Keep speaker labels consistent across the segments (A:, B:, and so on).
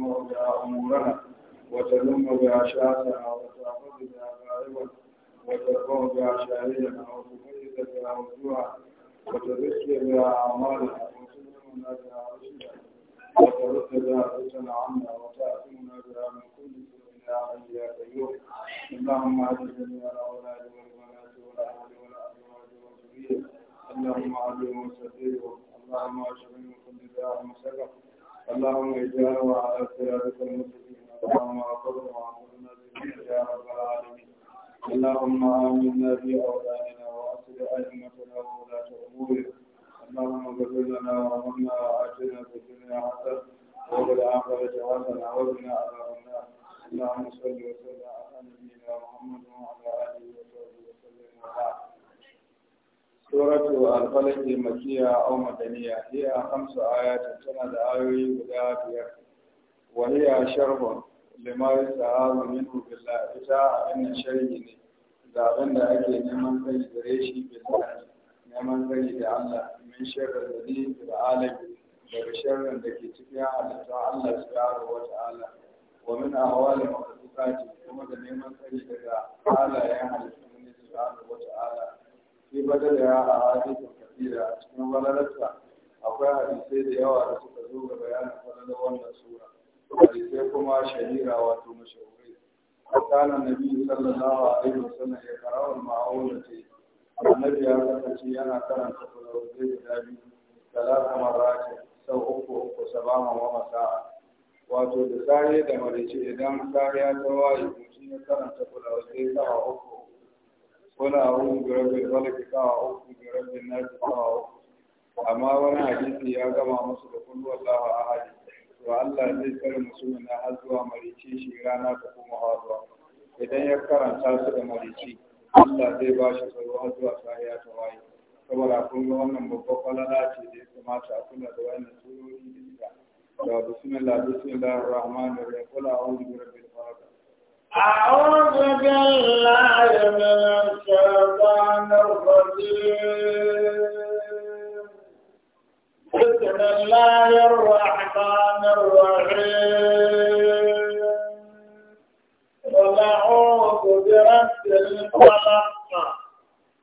A: تجمع بها أمورها وتلم بعشاءها وتأخذ بها غائبا وترفع بعشائرها وتميز بها وجوعها وتذكر بها أعمالها وتلمنا بها رشدها وترد بها فتن عنا وتأتمنا بها من كل سوء يا حي يا قيوم اللهم اعز جميع الأولاد والبنات والأهل والأزواج والذرية اللهم اعز وسددهم اللهم أشغل من كل داء وسقم اللهم اجعله على صراطك المستقيم اللهم اغفرنا وانصرنا بك يا رب العالمين اللهم امنا في اوطاننا واصل ائمتنا وولاة امورنا اللهم اغفر لنا وارحمنا واجرنا في الدنيا حسنه وفي الاخره حسنه وقنا عذاب النار اللهم صل وسلم على نبينا
B: محمد وعلى اله وصحبه وسلم وبارك
A: سورة الفلك مكية أو مدنية هي خمس آيات سنة آيوي guda biyar. وهي شرح لما يستعاذ منه بالله إذا أن شرعي ne ga abin da ake neman kai gare shi billahi neman kai da Allah min sharri zali fil alamin daga sharrin da ke cikin halitta Allah subhanahu wa ta'ala wa min ahwali makhluqati kuma da neman kai daga halayen halittu ne subhanahu wa ta'ala sai ba da ya a hadin da kafi cikin walarsa akwai hadisai da yawa da suka zo ga bayanin falalar wannan sura hadisai kuma shahira wato mashahuri a tsanan nabi sallallahu alaihi wa sallam ya karawar ma'aunin ce annabi ya kasance yana karanta falalar zai da dabi talata marrakin sau uku uku sabama wa masa'a wato da sare da marice idan sare ya tawaye kuma
B: shi ya karanta
A: falalar zai sama uku wani abu da rabin malaki kawa uku da rabin nasi kawa uku amma wani hadisi ya gama musu da kullu Allahu ahad to Allah zai tsare musulmin na har zuwa marici shi rana da kuma hawa idan ya karanta su da marici Allah zai ba shi tsaro har zuwa sahiya ta waye saboda kun ga wannan babban kwalala ce da ya kamata a kula da wannan surori da ita da bismillah bismillahir rahmanir rahim qul a'udhu bi rabbil
C: أعوذ بالله من الشيطان الرجيم بسم الله الرحمن الرحيم ونعوذ برب الفلق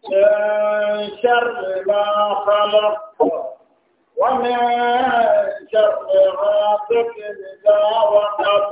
C: من شر ما خلق ومن شر غاسق إذا وقب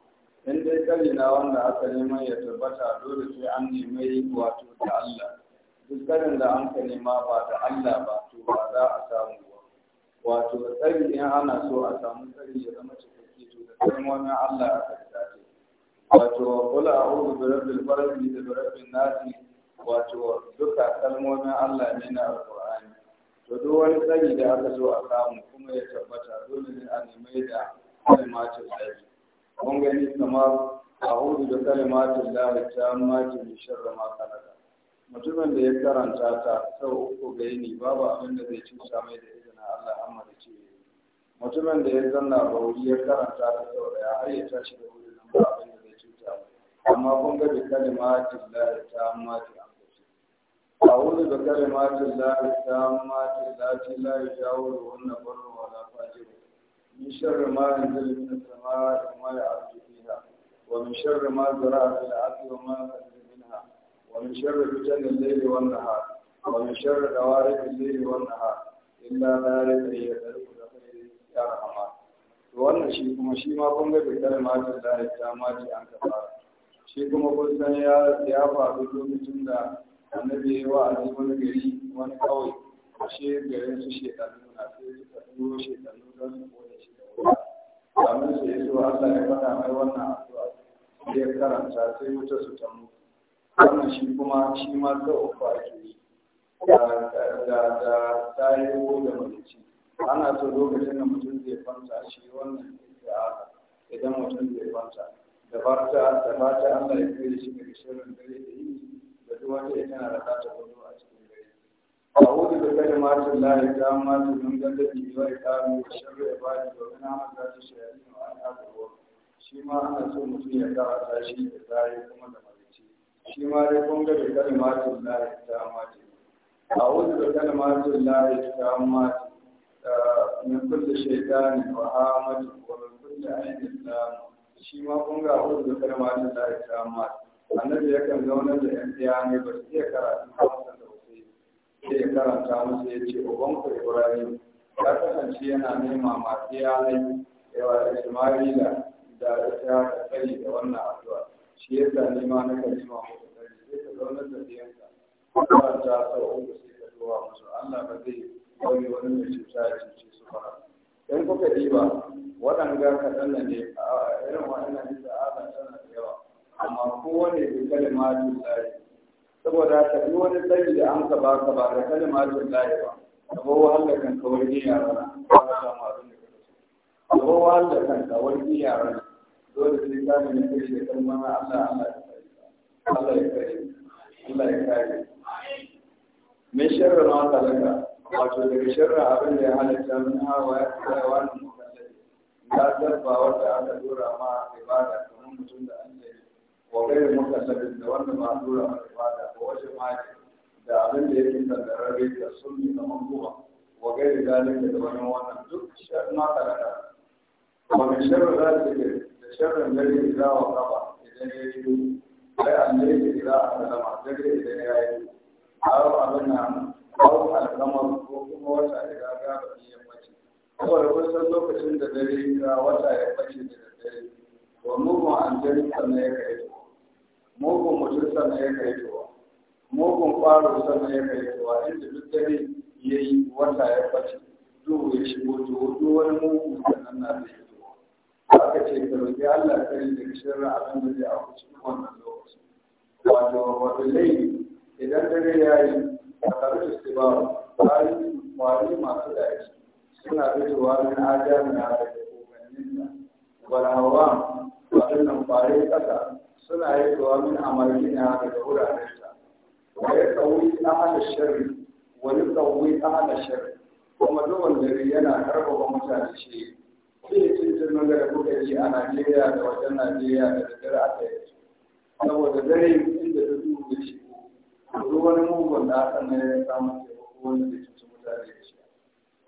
A: in dai kari na wanda aka neman ya tabbata dole sai an nemi wato da Allah duk karin da an ka nema ba da Allah ba to ba za a samu ba wato tsari in ana so a samu tsari ya zama cikakke to da kalmomin Allah a karta ce wato kula a hudu da rabin farashi da rabin nasi wato duka kalmomin Allah ne na alƙur'ani to duk wani tsari da aka so a samu kuma ya tabbata dole ne a nemi da kalmacin tsari kun gani A hudu da kalimatin lahi ta mace da sharra ma kalaka
B: mutumin da ya karanta ta
A: sau uku ga yini babu abin da zai ci mai da izinin Allah amma da ce
B: mutumin da ya zanna bauri ya karanta
A: ta sau daya har ya tashi da wuri nan ba abin da zai cuta mai amma kun ga da kalimatin lahi ta mace أعوذ بكلمات الله التامات التي لا يجاوزهن بر ولا من شر ما ينزل من السماء وما يعرج فيها ومن شر ما زرع في الارض وما يخرج منها ومن شر فتن الليل والنهار ومن شر دوارق الليل والنهار إلا ذلك هي ذلك يا رحمن wannan shi kuma shi ma kun ga bikar matar da ya ta mace an kafa shi kuma kun san ya ya faru lokacin da annabi ya wa aji wani gari wani kawai shi garin su shekaru na sai shekaru don su
B: abin su yi zuwa Allah ya
A: faɗa mai wannan addu'a ya karanta sai wuta su ta mutu wannan shi kuma shi ma ta uku ake yi da da da ko da mace ana so lokacin da mutum zai kwanta shi wannan da idan mutum zai kwanta da fata da fata Allah ya kare shi daga shirin dare da yi, da duk wanda yana da fata ko أعوذ بكلمات الله التامات من جلده وإقامه وشر عباده ومن همزات الشياطين وأن أدعوه شيما أنا سوء مسلم يدعى تاشي إدعي كما دمجتي شيما لكم بكلمات الله التامات أعوذ بكلمات الله التامات من كل شيطان وهامة ومن كل عين لامة شيما كم أعوذ بكلمات الله التامات annabi yakan zauna da yan ne ba su iya karatu ba sai karanta musu ya ce ubanku ibrahim ya kasance yana nema masu yanayi yawa da shimarila da ta da tsari da wannan addu'a shi ya sa nema na ma musu tsari sai ka zaunar da biyanka karanta sau uku sai ka zuwa musu allah ba zai kawai wani mai
B: cuta ya cuce su ba in kuka diba waɗanda kaɗan ne
A: irin waɗannan da tana da yawa amma kowane bi ya yi. saboda ka duk wani tsayi da an ka ba da ba da kalmatin lahi ba kabo wahala kan ka warge yara na ba ka samu abin da kake so kabo wahala kan ka warge yara dole sai ka ne kai da kalmar Allah Allah ya kare Allah ya kare min sharri ma talaka wato daga sharri abin da ya halatta min hawa ya kai wani mukallafi ya zarba wanda aka dora ma ibada kamar mutum da وغير مكتسب da wanda ba dora mata fada ko wace maji da abin da yake tantararre da sunni da manduwa wa gairi zalin da wani wannan duk shirin mata da kan wani shirin za su ke da shirin dare za wa kafa idan ya yi sai an da yake a salama dare idan ya yi aro abin na aro alkamar ko kuma wata lokacin da dare ya da dare wa mugun an mugun mutum sannan ya kai towa mugun ƙwaro sannan ya kai towa inda duk dare ya yi wanda ya ɓace duhu ya shigo duhu duk wani mugun sannan na da ya towa aka ce ka roƙi Allah kai da shirin abin da zai auku cikin wannan lokaci wato wato laifi idan dare ya yi a da su ba kwari masu daji suna fitowa min ajar na da koganin da walawa waɗannan kwari ƙasa suna yi zuwa min amalina daga wurarensa wa ya tsawi 'a sharri wa wani tsawi ahal shari kuma zuwan dare yana karfafa mutane shi sai cincin nan da kuka yi a Najeriya da wajen Najeriya da daddare aka yi saboda dare inda ta zuwa da shi ko wani mugun da aka ne ya samu taimako wanda zai cuci mutane da shi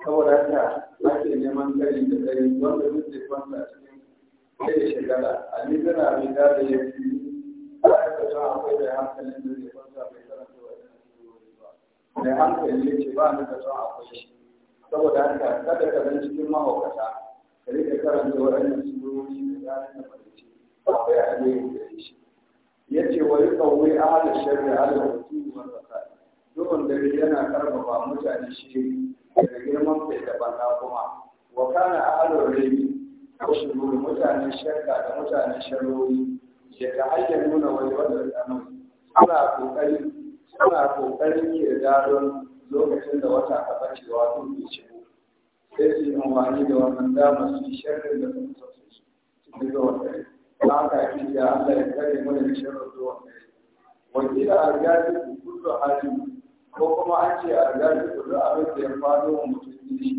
A: saboda haka ake neman kari da dare wanda duk zai kwanta cikin sai da shekara a ni tana mai da ya fi ba a kasa akwai da hankalin da zai kwanta mai karanta wa ɗan surori ba mai hankali ya ce ba ni kasa akwai shi saboda haka kada ka zan cikin mahaukata ka rika karanta waɗannan surori da ranar da mace akwai alheri da ya shi ya ce wa yi kawai a halin shari'a halin mutum wanda ka dukkan dare yana karfafa mutane shi daga girman kai da banna kuma wa kana a halin rai wasu gudu mutanen shakka da mutanen sharori ya ta hanyar nuna wani wadda tsanon suna kokari suna kokarin kirga don lokacin da wata ka bace wato bai shigo sai su yi amfani da wannan damar su yi sharrin da kuma sassu su cikin zuwan dare ta haka yi da Allah ya kare mana da wanda ya dare wakila a gaji ku kullu hali ko kuma an ce a gaji kullu abin da ya faɗo wa mutum ne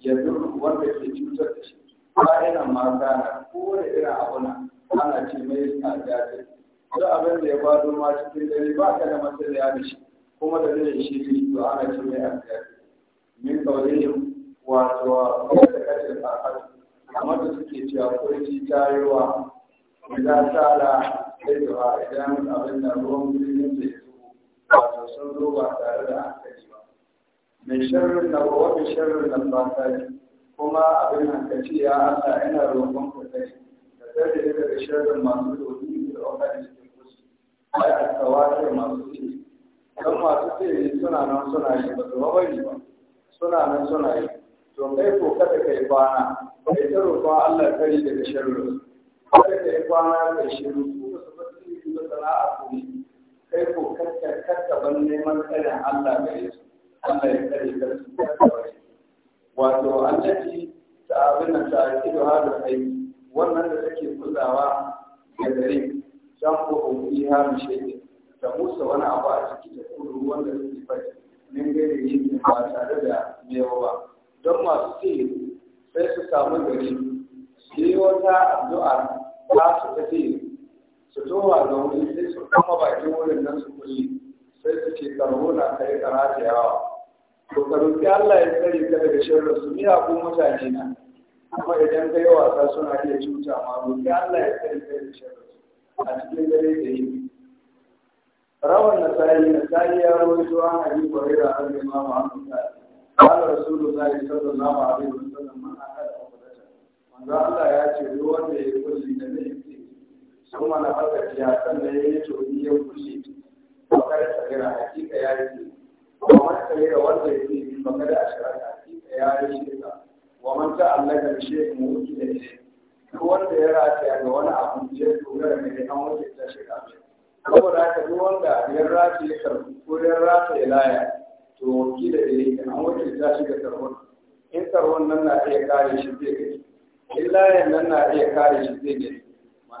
A: ya zuru wanda ke cutar da shi fa'ilan mata na kowane irin abu na ana ce mai sajjata duk abin da ya bado ma cikin dare ba ka da matsala da shi kuma da zai shi ne to ana ce mai sajjata min kaulihim wato wata kashe sakatu Amma da suke cewa kurci ta yi wa idan sala sai da idan abin da ruwan birnin da ya wato sun zo ba tare da hankali ba mai sharrin na ba wani sharrin na ba ta yi kuma abin hankaci ya Allah yana roƙon ku kai da tsare daga shirin masu doki da wanda cikin kusu ai alkawatar masu ce dan masu ce suna nan suna yi ba zuwa bari ba suna nan suna yi to kai ko kada kai kwana kai ta roƙon Allah kari daga sharrin kada kai kwana kai shiru ko su ba su yi da sana'a ko ne kai ko kakka kakka ban neman tsarin Allah gare su Allah ya kare ka su kakka wato annabi ta abin da ta da hada kai wannan da take kulawa da dare san ko ubi ha mu shi da musa wani abu a cikin da kudu wanda take fadi nan gare ne ba tare da mewa ba don masu ce sai su samu gari shi, wata addu'a ba su tafi su towa da wuri sai su kama bakin wurin nan su kulli sai su ce karbo na kai karata yawa ko ka roƙi Allah ya tsare ka daga sharrin su ni abu mutane na amma idan ka yi wasa suna iya cuta ma roƙi Allah ya tsare ka daga sharrin a cikin dare da yi rawan na sai na sai ya roƙi zuwa a yi kwari da an yi mama an fita kala rasulu na yi sabon nama a yi a kada a kuɗa wanda Allah ya ce duk wanda ya yi kulli da zai yi ce su mana fasa ciya sannan ya yi tobi ya kushe ko kare tsagira a kika ya yi ومن سير والده فقد أشرك يا شيخ ومن تعلق بشيء موكل إليه duk wanda ya rataya ga wani abu ya dogara ne an wuce ta shiga saboda haka duk wanda ya rataya karfi ko ya rataya laya to wuki da ilimi an wuce ta shiga karfin in karfin nan na iya kare shi zai in layan nan na iya kare shi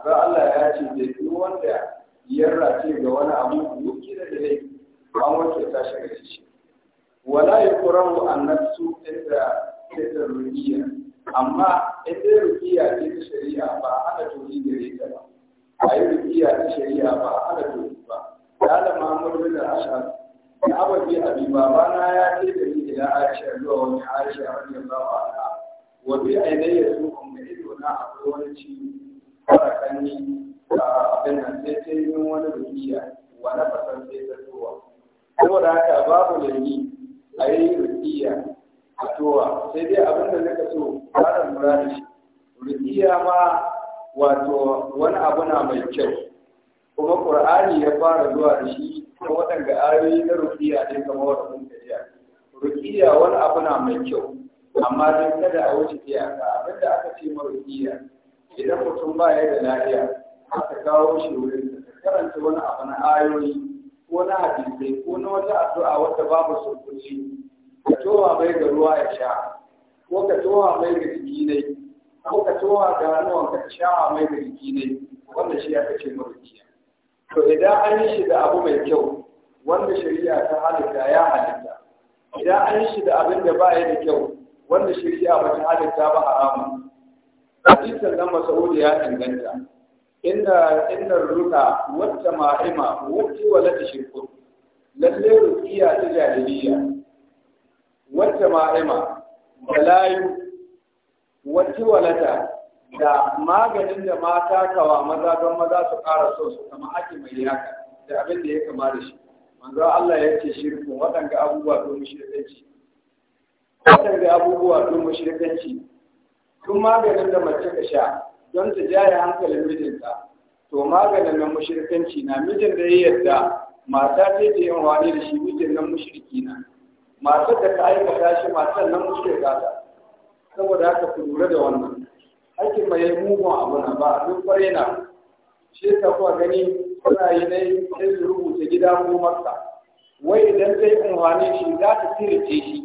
A: Allah ya ce duk wanda ya wani abu da an wanke ta shi gare shi wala ya kurahu an nafsu inda inda rubiya amma inda rubiya ce ta shari'a ba ana tuni da ta ba a yi rubiya ta shari'a ba ana tuni ba ya da mahmud bin al-ashar ya ababi abi babana ya ce da ni ila aisha zuwa wani aisha radiyallahu anha wa bi ainihi su umma ido na akwai wani ciwo fara kanni abin nan sai ta yi wani rubiya wani fasar sai ta zuwa saboda haka babu laifi a yi rukiya a towa sai dai abin da nika so tsarin muradi shi rukiya ma wato wani abu na mai kyau kuma qur'ani ya fara zuwa da shi ta waɗanda ayoyi na rukiya ne kamar wata mun kajiya rukiya wani abu na mai kyau amma dai kada a wuce iyaka abin abinda aka ce ma rukiya idan mutum ba ya da lafiya aka kawo shi wurin karanta wani abu na ayoyi ko na hadisai ko na wata addu'a wadda babu sulkuci ka towa mai da ruwa ya sha ko ka towa mai da jiki ne ko ka towa da hannuwan ka sha mai da jiki ne wanda shi aka ce marukiya to idan an yi shi da abu mai kyau wanda shari'a ta halitta ya halitta idan an yi shi da abin da ba ya da kyau wanda shari'a ba ta halitta ba haramun hadisan nan masaudi ya inganta inda inda ruka wata ma'ima wata wala ta shirku lalle rukiya ta jahiliya wata ma'ima balayu wata wala ta da maganin da mata kawa maza don maza su ƙara so su kama ake mai yaka da abin da ya kama da shi manzo Allah ya ce shirku waɗanda abubuwa don mushrikanci waɗanda abubuwa don mushrikanci tun maganin da mace ka sha don ta jaye hankalin mijinta to maganin nan na mijin da ya yadda. mata ta yi yin wani da shi mijin nan na matar da ta aikata shi matar nan mushrika ta saboda haka ku lura da wannan hakin mai mugun abu na ba abin kwarai na shi ka kuwa gani kuna yi ne sai su rubuta gida ko masa wai idan sai unhwani shi za ta tirce shi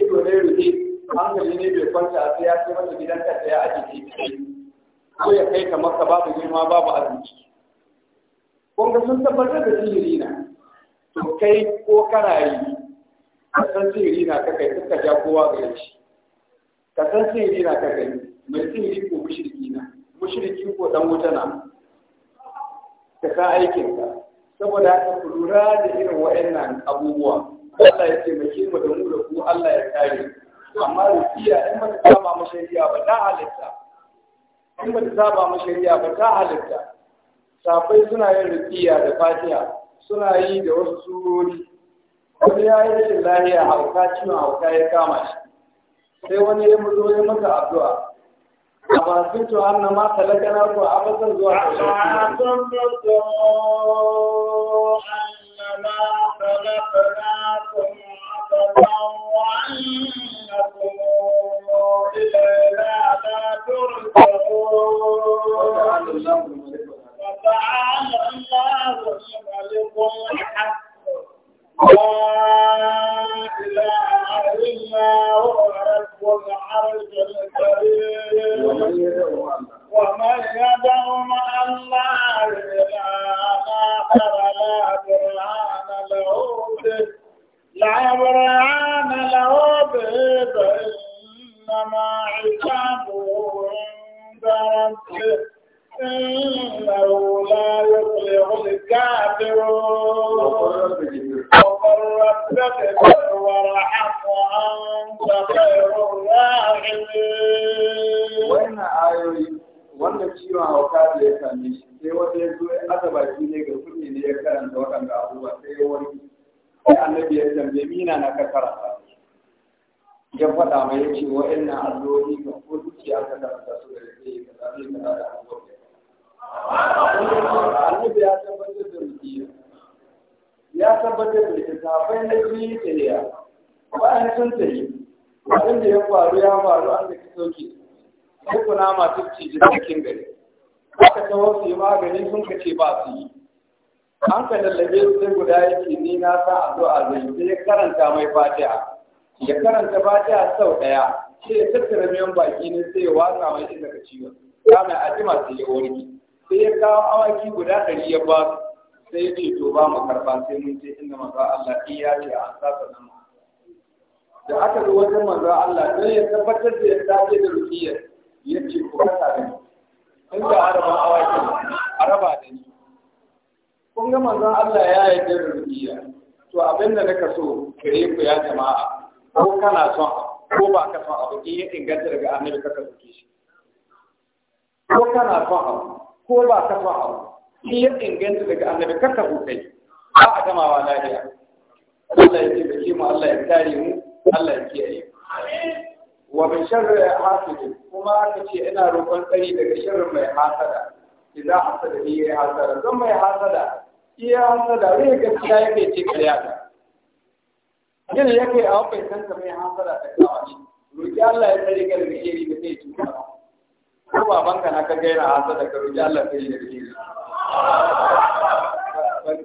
A: ido ne rufe hankali ne bai kwanta a sai ya ce masa gidan ka ya ajiye shi ko ya kai ka maka babu girma babu arziki kun ga sun tabbatar da sihiri na to kai ko kana yi ka san sihiri na ka kai suka ja kowa ga yanci ka san sihiri na ka kai mai sihiri ko mushriki na mushriki ko dan wuta na ka san aikin ka saboda ka ku lura da irin waɗannan abubuwa Allah ya mai mu da mu da ku Allah ya kare amma rufiya in ba ta kama mu ba na halitta in ba ta saba ma shari'a ba ta halitta safai suna yin rufiya da fatiya suna yi da wasu surori wani ya yi rashin lahiya hauka ciwon hauka ya kama shi sai wani ya mutu ya masa addu'a أما كنت أن ما سلكنا وأبدا ko كنت
C: أنما ta عبدا Ọjọ́ ìlú ọjọ́ ìlú ọjọ́ ìlú ọjọ́ ìlú ọjọ́ ìlú ọjọ́ ìlú ọjọ́
A: daya shi ya tattara miyan baki ne sai ya watsa mai inda ka ciwo kana a jima sai ya warke sai ya kawo awaki guda ɗari ya ba su sai ya ce to ba mu karɓa sai mun ce inda manzo Allah ya ce a sasa nan da aka zo wajen manzo Allah don ya tabbatar da ya dace da rukiyar ya ce ku kasa da ni in da araba awakin araba da ni kun ga manzo Allah ya yarda da rukiya to abin da naka so kare ku ya jama'a ko kana son ko ba ka san abu in ya inganta daga annabi ka ka zuke shi ko kana son abu ko ba ka san abu in ya inganta daga annabi ka ka zuke ba a gamawa lafiya Allah ya taimake mu Allah ya kare mu Allah ya kiyaye amin wa bi sharri hasidin kuma aka ce ina roƙon tsari daga sharri mai hasada idan hasada ne ya hasada don mai hasada iya hasada zai gaskiya yake ce kariya yin yake a bai san mai hasara ta kawo ne roki Allah ya tsare ka daga shiri da zai cuta ba ko baban ka na ka gaira hasara ka roki Allah ya tsare daga shiri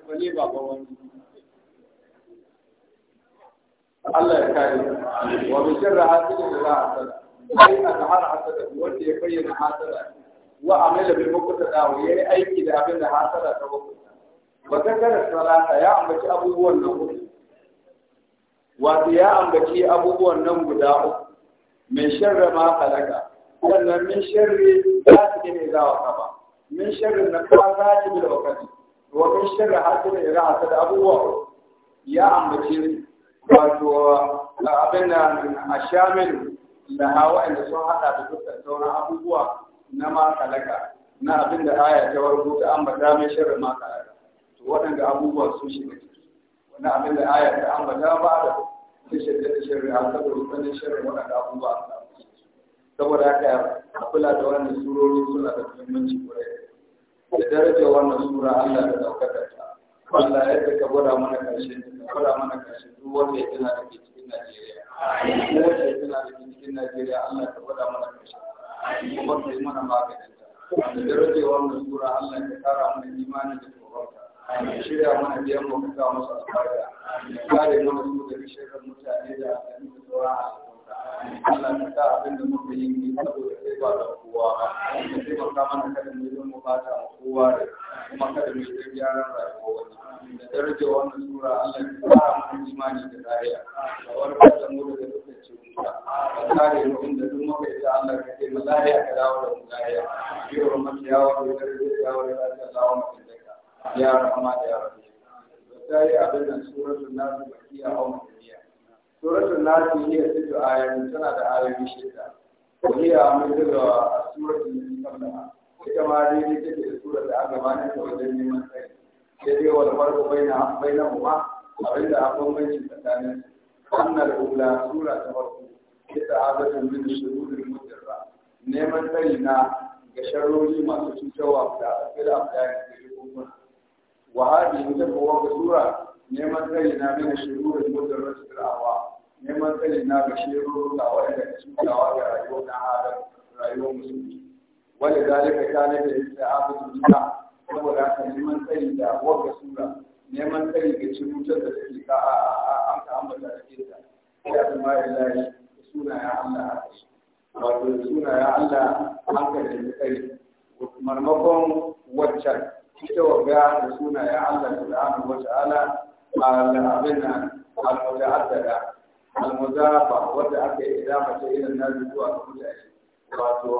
A: bale baban wani Allah ya kare wa bi sharri hasidin da za a tsara sai na har hasada wanda ya bayyana hasada wa amila bil muqtada dawo yayi aiki da abin da hasada ta Ba ta zakara salata ya ambaci abubuwan nan wato ya ambaci abubuwan nan guda uku min sharri ma halaka wannan min sharri za su gane za wa kaba min sharri na kwasa ji bil wakati wa min sharri hasilin ira hasa da abubuwa ya ambaci wato abin da a shamil da hawa inda sun hada da dukkan sauran abubuwa na ma halaka na abin da aya ta ta ambata min sharri ma halaka to waɗanda abubuwa sun shiga ne wani abin da aya ta ambata ba da ta shirya da shirya a saboda tsanin shirin da abubuwa a samu saboda haka a kula da wani surori suna da muhimmanci kwarai da darajar wannan sura Allah da ɗaukaka ta Allah ya saka gwada mana ƙarshe gwada mana ƙarshe duk wanda ya tana da ke cikin Najeriya ko wanda ya tana da ke cikin Najeriya Allah ka gwada mana ƙarshe kuma ka yi mana maganin ta da darajar wannan sura Allah ka kara mana imani da tsoron shirya mana biyan mu ka musu albarka ya kare mana su daga shirin mutane da alƙalmi da sauran Allah ka sa abin da muka yi ne saboda sai ba da kowa ba ka taimaka mana kada mu yi mu bata mu kowa da kuma kada mu yi gyaran rayuwa wani da daraja wannan sura Allah ya fara mana imani da lafiya da warkar da mu daga dukkan cuta ka kare mu inda duk muka yi Allah ka taimaka ka dawo da mu lafiya biyar mu kiyawa da ya wa da Allah mu ya rahama da ya rahama ta yi abin nan suratul nasu bakiya a mutuniya suratul nasu ne su cikin ayoyi tana da ayoyi shida a mun daga suratul nasu kamar ita ma dai take da surar da aka bani ta wajen neman tsari sai dai wani farko baina baina huma abin da akwai bambanci tsakanin annal ula sura ta farko ita azatun min shururul mudarra neman tsari na ga sharrori masu cutarwa da asira da amfani وهذه تقوى بسورة neman tsari na mina shirurin mutum turawa neman tsari na ga shirurin tawa da cutawa ga rayuwar na adam rayuwar musulmi wanda zalika ta ne da yake abu zuciya saboda haka neman tsari da wanda sura neman tsari ga cimutar da suke ka an ka ambata da ta suna ya a kai wato suna marmakon ita waga da suna ya Allah subhanahu wa ta'ala al-abin al-muta'addada al-mudafa wanda aka yi idama ta irin nazi zuwa ga mutane wato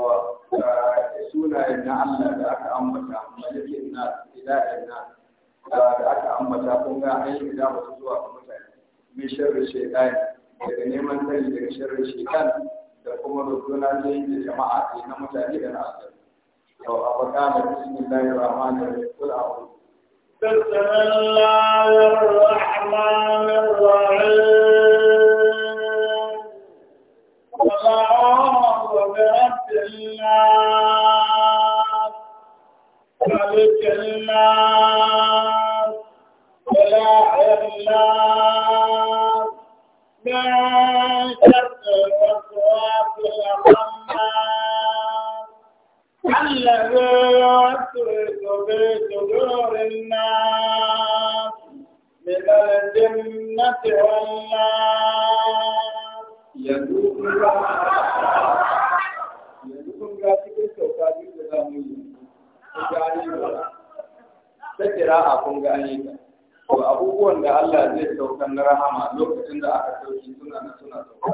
A: eh, sunayen na Allah da aka ambata malikin na ilahin na da aka ambata kun ga an yi idama ta zuwa ga mutane min sharri shaytan daga neman tsari daga sharri shaytan da kuma rukuna ta yin jama'a na mutane da na Allah أو بسم الله الرحمن
C: الرحيم قل أعوذ بسم الله الرحمن الرحيم برب الناس ملك الناس إله الناس من شر وسواس
B: الخناس
C: yanzu yanzu ga cikin
A: da ta kira a kun ga an abubuwan da Allah zai saukan na rahama lokacin da aka sauki suna na suna sauka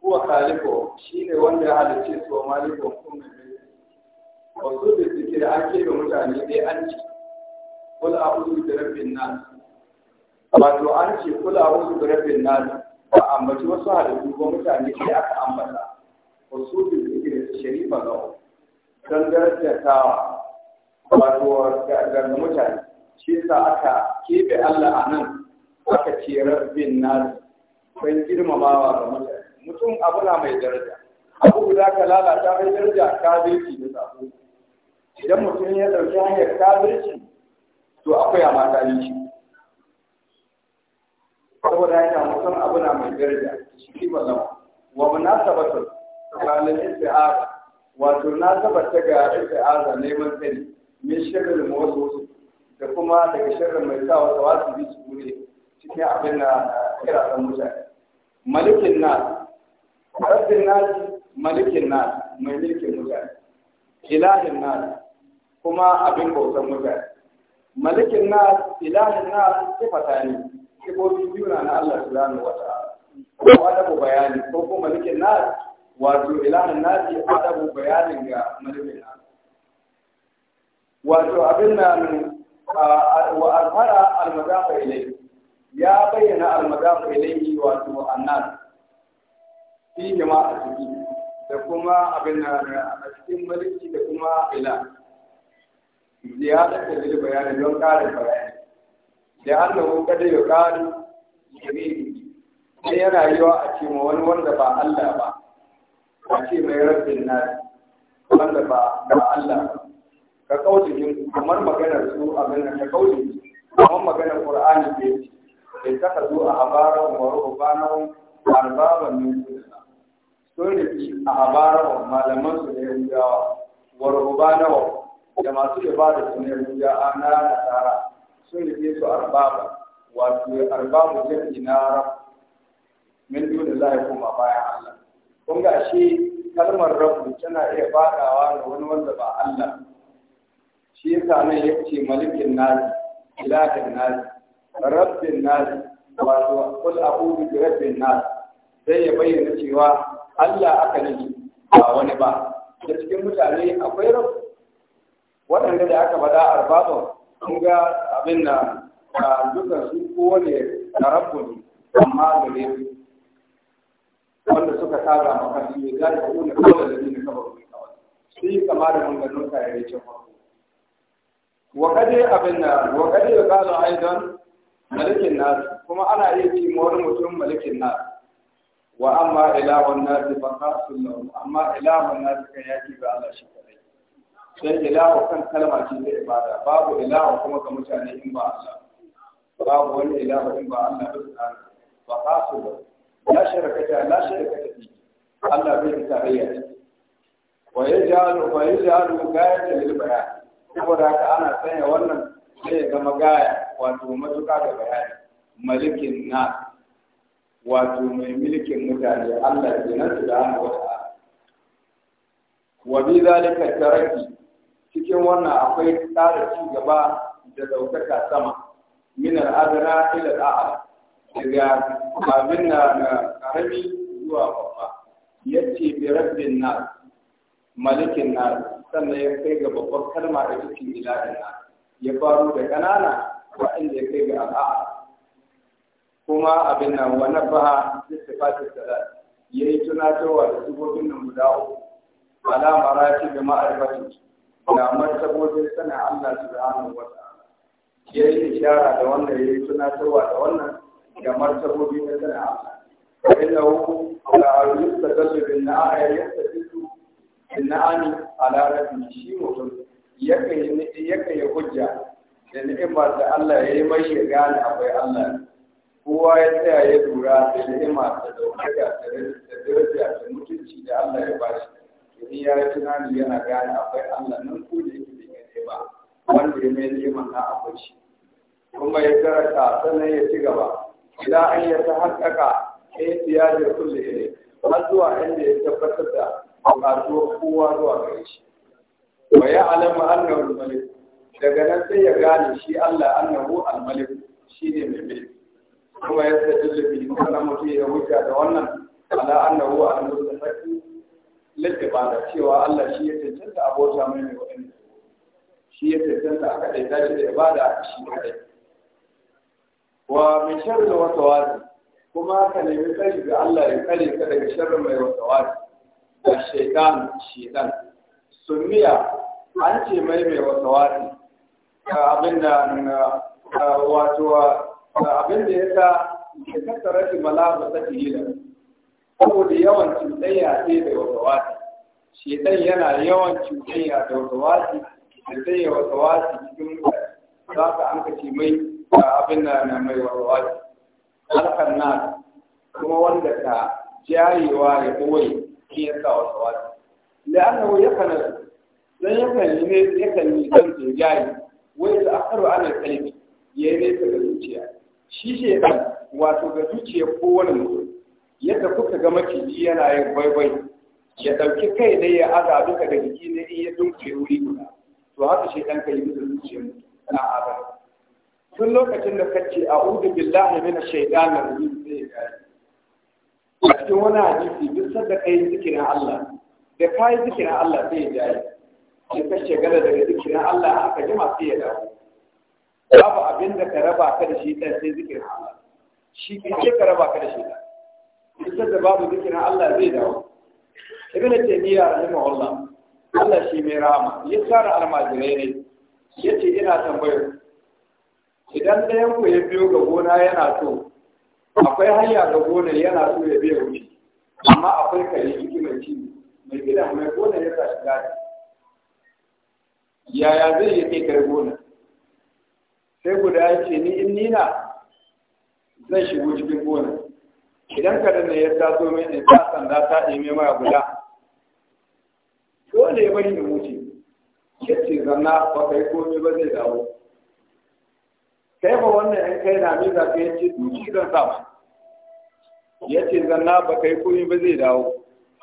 A: kuwa shi ne wanda ya halice su wa malikun kuma wasu da suke da an keɓe mutane ne an ce kul a'udhu bi rabbin nas wato an ce kul a'udhu da rabin nas ba ambaci wasu halittu ba mutane sai aka ambata wasu da suke da ba ga don darajatawa wata ga mutane shi sa aka keɓe Allah a nan aka ce rabbin nas don girmamawa ga mutane mutum abu na mai daraja abu guda ka lalata mai daraja kafirci da sabo idan mutum ya ɗauki hanyar kafirci to akwai a shi. saboda haka mutum abu na mai daraja shi ba zama wa munasabatu kalin isti'aza wato na tabbata ga isti'aza neman tsari mai shirin wasu da kuma daga shirin mai sa wata wasu bi su cikin abin da kira san mutane malikin nan. rabbin nas malikin nas mai mulkin mutane ilahin nas kuma abin bautan mutane malikin nas ilahin nas sifata ne sifofi biyu na na Allah subhanahu wa ta'ala ko adabu bayani ko ko malikin nas wato ilahin nas adabu bayanin ga malikin nas wato abin nan wa alfara almadafa
B: ilayhi ya bayyana almadafa
A: ilayhi wato annas fiye jama'a ciki da kuma abin na a cikin mulki da kuma ila ziyada ta zai bayani don ƙarin bayani da annahu kada ya ƙari jami'i sai yana yiwa a ce ma wani wanda ba Allah ba a ce mai rabbin nasi wanda ba ba Allah Ka ka kaulin kamar maganar su abin da ka kaulin kamar maganar Qur'ani ke ce in taka zo a habara wa rubana arbaban min tsoraki a wa malaman su da yahudawa wa da masu bada su ne yahudawa na nasara sun rike su arbaba wato arbabu jami'i na rab min dole za ya koma bayan Allah kun ga shi kalmar rabu tana iya fadawa da wani wanda ba Allah shi yasa nan yace malikin nasi ilahin nasi rabbin nasi wato kul abu bi rabbin nasi sai ya bayyana cewa Allah aka nabi ba wani ba da cikin mutane akwai rabu waɗanda da aka faɗa arba'un sun ga abin na dukkan su kowane na rabu ne amma da ne wanda suka saba ma kasu ne za ta ƙone kawai da ne kawai ne kawai sai kama da manganin kayayyakin farko وقد أبنا وقد يقال أيضا ملك الناس كما أنا أيتي مور mutum malikin nasu wa amma ilahun nasi fa khasun lahu amma ilahun nasi kan yaki ba Allah shi kadai dan ilahu kan kalma ce ta ibada babu ilahu kuma ga mutane in ba Allah babu wani ilahu in ba Allah ba subhanahu ba khasun lahu la sharaka ta la sharaka ta Allah bai da tarayya wa yajalu wa yajalu gayata lil bayan saboda haka ana sanya wannan sai ga magaya wato matuƙa da bayani malikin nas wato mai mulkin mutane Allah kenan subhanahu wa ta'ala wa bi zalika taraki cikin wannan akwai tsara ci gaba da daukaka sama min al-adra ila al-a'la daga abin da karami zuwa babba yace bi rabbin nas malikin nas sannan ya kai ga babbar kalma da cikin ilahin nas ya faru da kanana wa'inda ya kai ga al'a kuma abin nan wa nafaha sifatis salat yayi tunatarwa da sifofin nan guda uku ala marati da ma'arifati da martabobin sana Allah subhanahu wa ta'ala yayi ishara da wannan yayi tunatarwa da wannan da martabobi na sana Allah da فإنه لا يستدل بالنعي يستدل ani ala ربه shi mutum yake yake hujja da ni'imar da Allah ya yi mai shiga akwai Allah kowa ya tsaya ya lura da ni'ima da daukaka da daraja da mutunci da Allah ya bashi domin ya yi tunani yana gane akwai Allah nan ko da yake bai gane ba wanda ya mai ni'ima na akwai shi kuma ya karanta sannan ya ci gaba idan an ya ta haƙaƙa kai siya da kulle ne har zuwa inda ya tabbatar da buƙatuwar kowa zuwa gare shi wa ya alama annahu al-malik daga nan sai ya gane shi Allah annahu al-malik shine mai kuma ya tsaji bi kana mutum ya hujja da wannan ala annahu a al-mustaqim littiba da cewa Allah shi ya tantance abota mai ne wa'in shi ya tantance aka dai tashi da ibada shi kadai wa min sharri wasawasi kuma ka nemi kai ga Allah ya kare ka daga sharrin mai wasawasi da shaitan shaitan sunniya an ce mai mai wasawasi abinda wato da abin da ya sa da tattara shi mala ba ta da saboda yawan cuɗanya ce da wasawasi shedan yana yawan cuɗanya da wasawasi da sai ya wasawasi cikin za ka an kace mai abin da na mai wasawasi Harkar na kuma wanda ta jayewa ya kowai shi ya sa wasawasi da annahu yakan dan yakan yi ne yakan yi dan jayi wai da akaru ana kalbi yayin da zuciya shi ke ɗan wato ga zuciya kowane mutum yadda kuka ga maciji yana yin baibai ya ɗauki kai da ya aza duka da jiki ne in ya dunke wuri guda to haka shi ɗan ka yi musu zuciya na aza tun lokacin da ka ce udu billahi mina shaytanir rajim zai yi gani a cikin wani hadisi duk sanda yi zikirin Allah da ka yi zikirin Allah zai yi gani sai ka shagala daga zikirin Allah aka jima sai ya dawo babu abin da ka raba ka da shi ɗan sai zikirin Allah shi ke ce ka raba ka da shi ɗan isar da babu zikirin Allah zai dawo ibn taymiya rahimahullah Allah shi mai rahama ya tsara almajirai ne yace ina tambayar idan ɗayan ku ya biyo ga gona yana so akwai hanya ga gona yana so ya biya wuce amma akwai kare hikimanci mai mai gida mai gona ya tashi gadi yaya zai yi kai kare gona sai guda ya ce ni in nina zan shigo cikin gonar idan ka da ya taso mai ne ta sanda ta ime mara guda dole ya bari mu wuce ke ce zanna ba kai komi ba zai dawo kai ba wannan 'yan kai na miza ka yace duki zan sa ya ce zanna ba kai komi ba zai dawo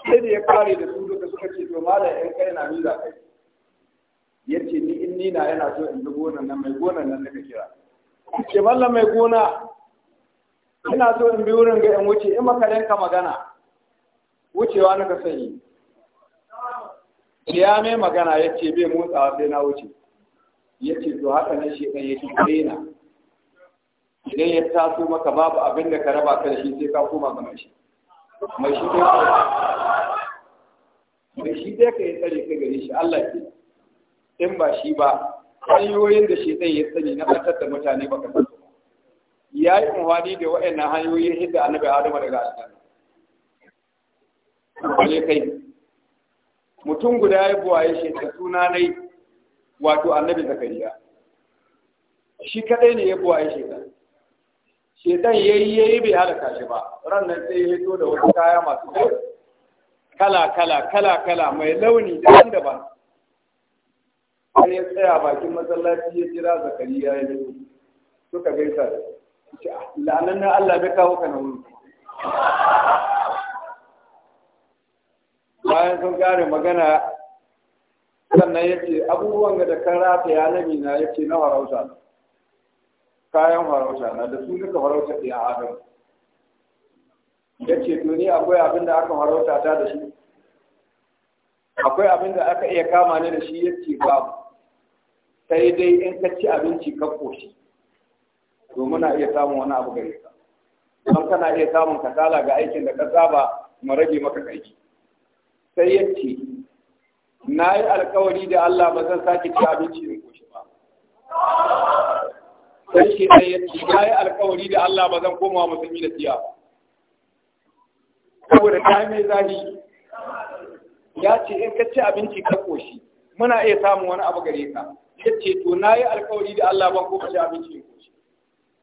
A: sai da ya kare da su duka suka ce to malam 'yan kai na miza kai ya ce na yana so in bi gonan nan mai gona nan da ka kira ke mallam mai gona ina so in bi wurin ga in wuce in makarin ka magana wucewa na ka sanyi ya mai magana ya ce bai motsawa sai na wuce ya ce to haka nan shi ɗan yake daina idan ya taso maka babu abin da ka raba ka da shi sai ka koma ga mai shi mai shi dai ka yi tsare ka gare shi Allah ke in ba shi ba hanyoyin da shi zai ya sani na ɓatar da mutane ba san su ya yi umarni da waɗannan hanyoyin hidda annabi adama daga aljanna kwale kai mutum guda ya buwaye shi da suna nai wato annabi zakariya shi kadai ne ya buwaye shi ya yi yayi yi bai halaka shi ba rannan sai ya hito da wasu kaya masu kala kala kala kala mai launi daban-daban har ya tsaya bakin masallaci ya jira Zakari ya zo suka gaisa da shi ah, la'anan na Allah bai kawo ka na wuri bayan sun kare magana sannan ya ce abubuwan ga da kan rata ya nami na ya ce na farauta kayan farauta na da su duka farauta ɗaya adam ya ce to akwai abin da aka farauta ta da shi akwai abin da aka iya kama ne da shi ya ce babu sai dai in ka ci abinci ka koshi domin na iya samun wani abu gare ka don kana iya samun kasala ga aikin da ka saba kuma rage maka aiki sai ya ce na yi alkawari da Allah ba zan sake ci abinci in koshi ba sai shi ɗaya ya ce na yi alkawari da Allah ba zan koma musulmi da siya ba saboda ta mai zahi ya ce in ka ci abinci ka koshi muna iya samun wani abu gare ka ce to na yi alƙawari da Allah ban ko shi abinci ko shi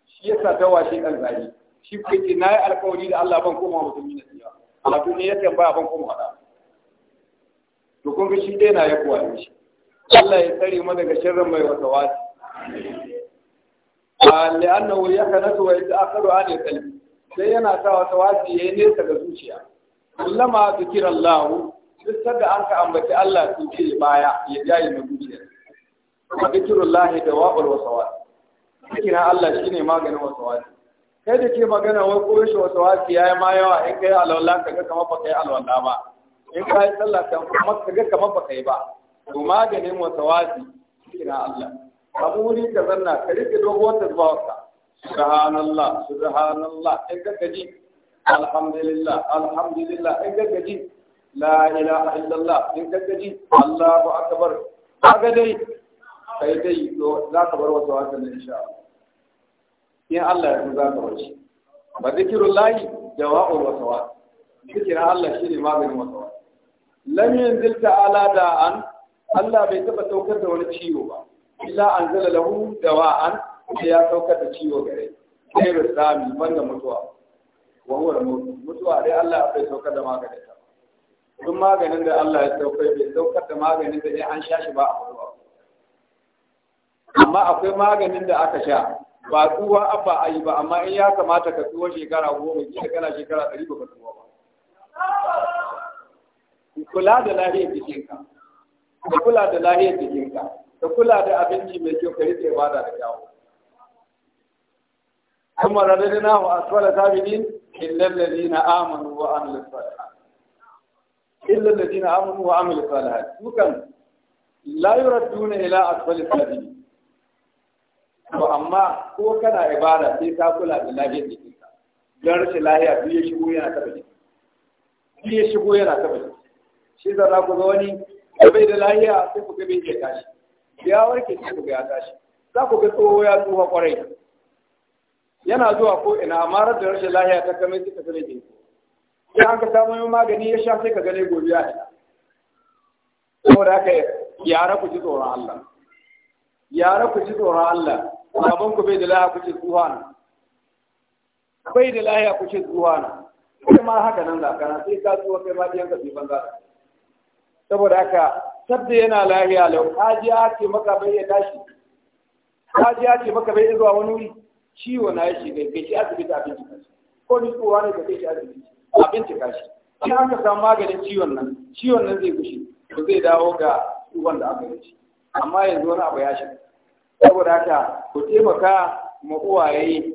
A: shi yasa dawa shi kan zari shi ko na yi alƙawari da Allah ban koma musulmi na tiya Allah to ne ya tambaya ban koma hada to kun ga shi dai na ya kuwa shi Allah ya tsare mu daga sharrin mai wata wasi لأنه يكنت ويتأخر عن القلب sai yana sa wata wata ya yi nesa ga zuciya kullama zikir Allah duk sadda an ka ambaci Allah sun ce baya ya jaye mu zuciya wa dhikrullahi dawa'ul wasawat zikira Allah shine maganin wasawat kai da ke magana wai ko shi wasawat yayi ma yawa in ka kai alwala kaga kamar ba kai alwala ba in kai sallah kan kuma kaga kamar ba kai ba to maganin wasawat zikira Allah abu wuri ka zanna ka rike dogon tasbawarka subhanallah subhanallah in ka gaji alhamdulillah alhamdulillah in ka gaji la ilaha illallah in ka gaji Allahu akbar kaga dai kai dai to za ka bar wasu hakan insha Allah in Allah ya za ka bar shi ba zikrullahi jawa'ul wasawas zikirin Allah shine maganin wasawas lam yanzil ta'ala da'an Allah bai taba saukar da wani ciwo ba illa anzala lahu dawa'an sai ya saukar da ciwo gare sai rusami banda mutuwa wa huwa mutuwa dai Allah bai saukar da maganin duk maganin da Allah ya saukar bai saukar da maganin da ya an sha shi ba a ba, amma akwai maganin da aka sha ba tsuwa abba a yi ba amma in ya kamata ka tsuwa shekara goma ki kana shekara ɗari ba ka tsuwa ba kula da lahiyar jikinka ka kula da lahiyar jikinka ka kula da abinci mai kyau ka rike ibada da kyawu kuma radadnahu asfala sabiqin illal ladina amanu wa amilus salihat illa alladhina amanu wa amilu salihat su kan la yuradduna ila asfali sabili to amma ko kana ibara sai ka kula da lafiyar jikinka don rashin lahiya duk shigo yana taba jiki shigo yana taba jiki shi da wani da bai lahiya sai ku ga bai tashi ya warke sai ku ga ya tashi za ku ga tsoho ya tsufa kwarai yana zuwa ko ina amma da rashin lahiya ta kame sai ka sani jiki in an ka samu magani ya sha sai ka gane gobe ya ina saboda haka yara ku ji tsoron Allah yara ku ji tsoron Allah baban ku bai da lahiya ku ce tsuhana bai da lahiya ku ce tsuhana kai ma haka nan zakana sai ka tsuwa kai ma biyan ka sai banza saboda haka sabda yana lahiya lau hajiya ce maka bai ya tashi hajiya ce maka bai zuwa wani wuri ciwo na ya shiga kai shi asibiti abinci ko ni tsuwa ne ka kai shi asibiti a bincika shi in an ka samu maganin ciwon nan ciwon nan zai gushe ba zai dawo ga ciwon da aka yi amma yanzu wani abu ya shiga saboda haka ku taimaka ma uwaye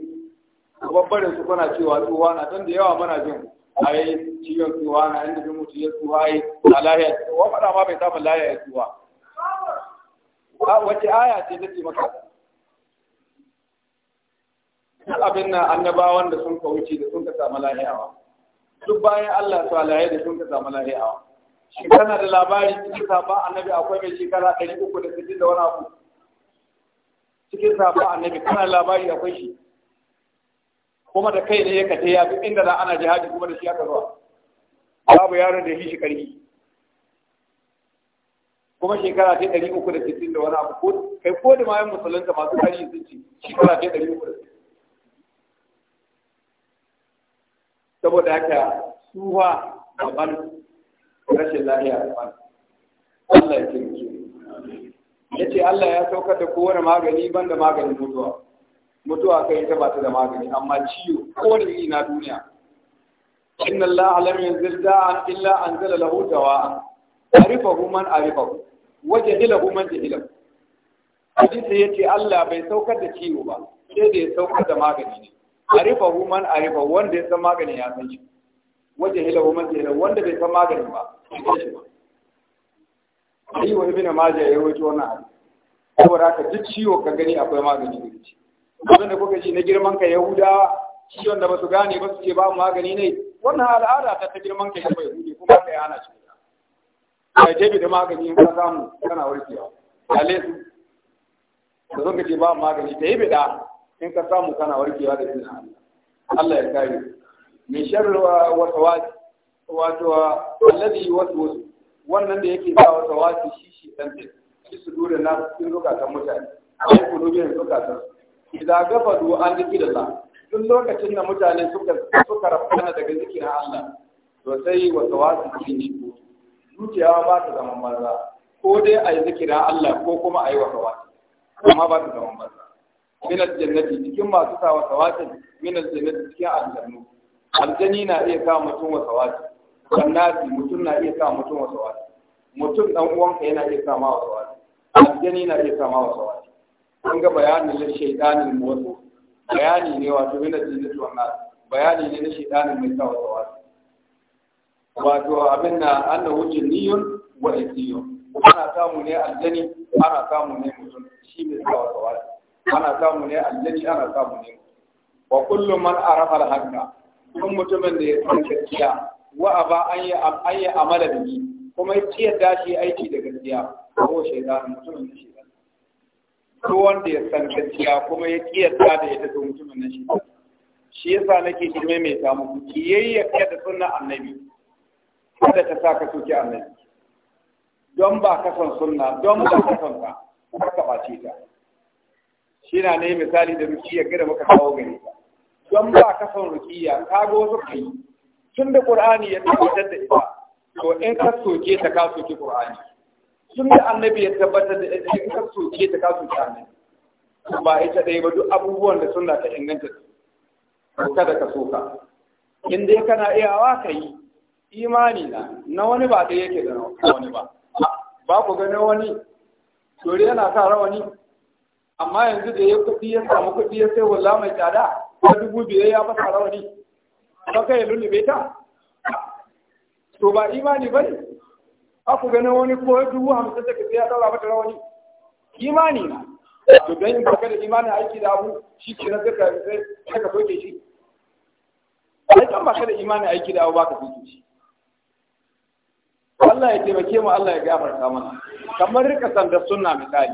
A: ku babbarin su kuna cewa tsuwa na don da yawa mana jin ai ciwon tsuwa na inda bin mutu ya tsuwa ai a lahiya tsuwa faɗa ma bai samun lahiya ya tsuwa wace aya ce ta maka abin nan annabawan da sun kawuce da sun ka samu lahiyawa duk bayan Allah salihai da sun ka samu lahiya wa. kana da labari cikin a annabi akwai mai shekara ɗari uku da sittin da wani abu cikin a annabi kana da labari akwai shi kuma da kai ne ya kace ya duk inda da ana jihadi kuma da shi aka zuwa babu yaron da ya shi ƙarfi. kuma shekara ta ɗari uku da sittin da wani abu kai ko da yan musulunta masu ƙarfi sun ce shekara ta ɗari uku da sittin saboda haka suwa kamar rashin lahiya kamar Allah ya taimake ya ce Allah ya saukar da kowane magani ban da maganin mutuwa mutuwa kai ta ba ta da magani amma ciwo kowane yi na duniya inna Allah lam yanzil da'an illa anzala lahu dawa'an arifahu man arifahu wa jahilahu man jahilahu hadisi yace Allah bai saukar da ciwo ba sai da ya saukar da magani ne arifahu man arifa wanda ya san maganin ya san shi wajen hilahu man jahila wanda bai san maganin ba ai wa ibn majah ya rawaito wannan hadisi saboda haka duk ciwo ka gani akwai magani da shi abin da kuka ji na girman ka yahuda shi wanda ba su gane ba su ce ba magani ne wannan al'ada ta ta girman ka yahuda kuma ka yana shi ka je da magani in ka samu kana warkewa alaihi su da ka ce ba magani ta yi bida in ka samu kana warkewa da izinin Allah Allah ya kare min sharruwa wa wasawasi wato alladhi waswas wannan da yake sa wasawasi shi shi dan din shi su dole na cikin zukatan mutane ai ku dubi ne zukatan idza gafadu an zikrillah Tun lokacin da mutane suka suka rafana daga zikirin Allah to sai wasawasi shi ne zuciyawa ba ta zaman banza ko dai a yi zikirin Allah ko kuma a yi wasawasi amma ba ta zaman banza min aljannati cikin masu sawa sawatin min aljannati cikin aljannu aljani na iya sa mutum wa sawati annati mutum na iya sa mutum wa sawati mutum dan uwanka yana iya sa ma wa sawati aljani na iya sa ma wa sawati kun ga bayanin lil shaytanil muwaswas bayani ne wato min aljannati wa nas bayani ne na shaytanin mai sa wa sawati wato abin na annahu jinniyun wa isiyun ana samu ne aljani ana samu ne mutum shi mai sa wa sawati ana samu ne aljani ana samu ne wa kullu man arafa al-haqqa kun mutumin da ya san gaskiya wa aba an yi an yi amala da kuma ya ci yadda shi aiki da gaskiya ko shaytan mutumin da shi ko wanda ya san gaskiya kuma ya ki yadda da ya tafi mutumin na shi shi yasa nake ki maimaita muku kiyayya da sunna annabi kada ta sa ka soki annabi don ba ka san sunna don ba ka san ka ka ce ta shi na ne misali da rukiya gada muka kawo gani. don ba ka son rukiya ka ga wasu kai tun da qur'ani ya tabbatar da ita to in ka soke ta ka soke qur'ani tun da annabi ya tabbatar da ita in ka soke ta ka soke annabi ba ita ɗaya ba duk abubuwan da suna ta inganta su kada ka soka in dai kana iyawa ka yi imani na na wani ba ɗaya yake da wani ba ba ku ganin wani dore yana sa rawani amma yanzu da ya kuɗi ya samu kuɗi ya sai wala mai tsada ta dubu biyar ya masa rawani ba kai lullube ta to ba imani ba ne aku ganin wani ko dubu hamsin da sai ya daura mata rawani imani na to don in baka da imani aiki da abu shi ke na zaka sai ka soke shi ai kan baka da imani aiki da abu ba baka soke shi Allah ya taimake mu Allah ya gafarta mana kamar rika sanda sunna misali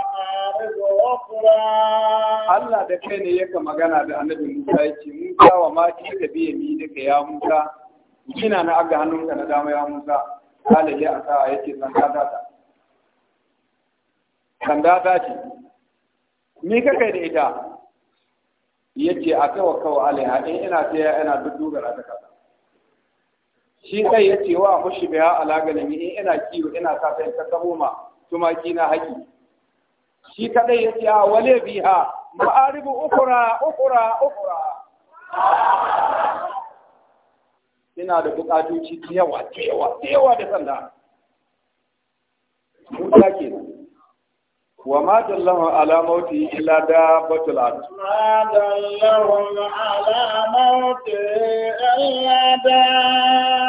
C: Allah
A: da kai ne yaka magana da annabi Musa yake mun kawo ma ki da biye mi da ka ya Musa kina na aga hannunka na dama ya Musa kala ya aka yake san ka ta da ta ce me ka kai da ita yace a kawo kawa alaiha in ina tsaya ina duddugar ta ka shi kai ce wa mushi biya ala in ina kiwo ina sa ta ta ma tumaki na haƙi shi kadai ya ce a wale ma'aribu ukura ukura ukura ina da bukatoci da yawa da yawa da yawa da sanda mun take nan وما دلهم على موته إلا دابة الأرض
C: ما دلهم على موته إلا دابة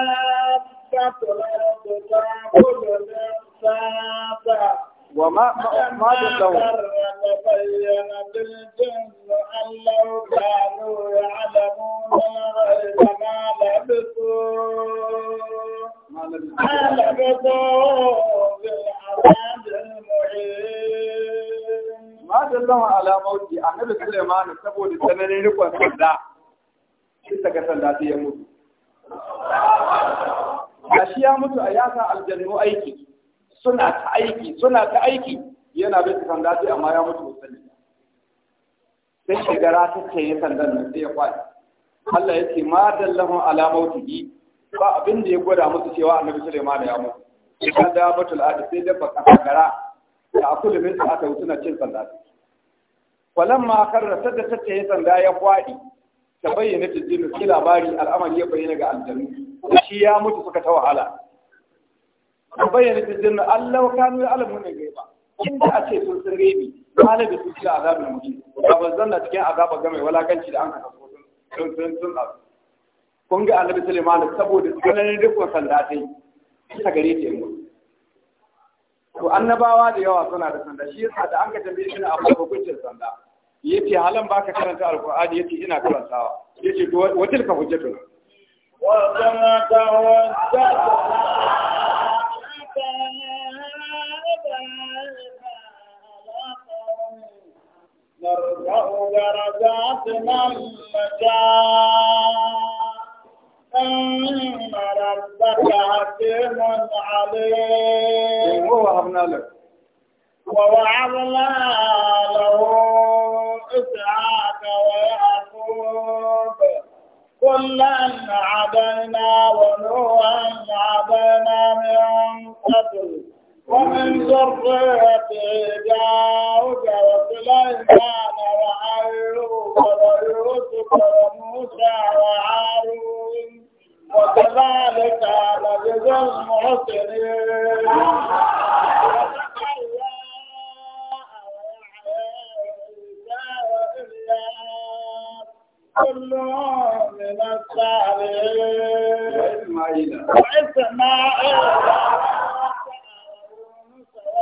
C: ta
B: وما ما له تبين
C: بالجن
B: أن لو
C: كانوا يعلمون الغيب ما لبثوا ما لبثوا
A: في العذاب
C: المحيط
A: ما دلهم على موتي النبي سليمان سبوا للسنين ركوا سندا كنت كسندا تيموت أشياء متى أياسا الجنة أيكي suna ta aiki suna ta aiki yana su sanda sai amma ya mutu sani sai shigara ta ce sandan nan sai ya kwaye Allah ya ce ma dallahu ala mautihi ba abin da ya gwada musu cewa annabi Sulaiman ya mutu idan da batul adi sai dabba kakara da akulu min sa ta na cin sanda walamma karra sadda ta ce sanda ya kwaye ta bayyana ta jinu labari al'amari ya bayyana ga aljannu shi ya mutu suka ta wahala ka bayyana da jinna Allah kanu ya alamu ne gaiba inda a ce sun sun gaibi kana da su ci azabin mutum ba ban zanna cikin azaba game walakanci da an ka kaso sun sun sun abu kun ga annabi Sulaiman saboda tsananin rikon sanda ta yi ta gare ta yi to annabawa da yawa suna da sanda shi yasa da an ka tambaye shi na abu hukuncin sanda yace halan baka karanta alqur'ani yace ina karantawa yace to wata ka hujjatu
C: wa kana tawajjatu ونرفع درجات من نشاء إن ربك حكيم عليم
A: ووهبنا له
C: ووهبنا له إسحاق ويعقوب كلا عدينا ونوحا عدينا من قبل ومن ذرية داود وسليمان وأيوب ويوسف وموسى وهارون وكذلك نجد المحسنين كلهم من الصالحين وإسماعيل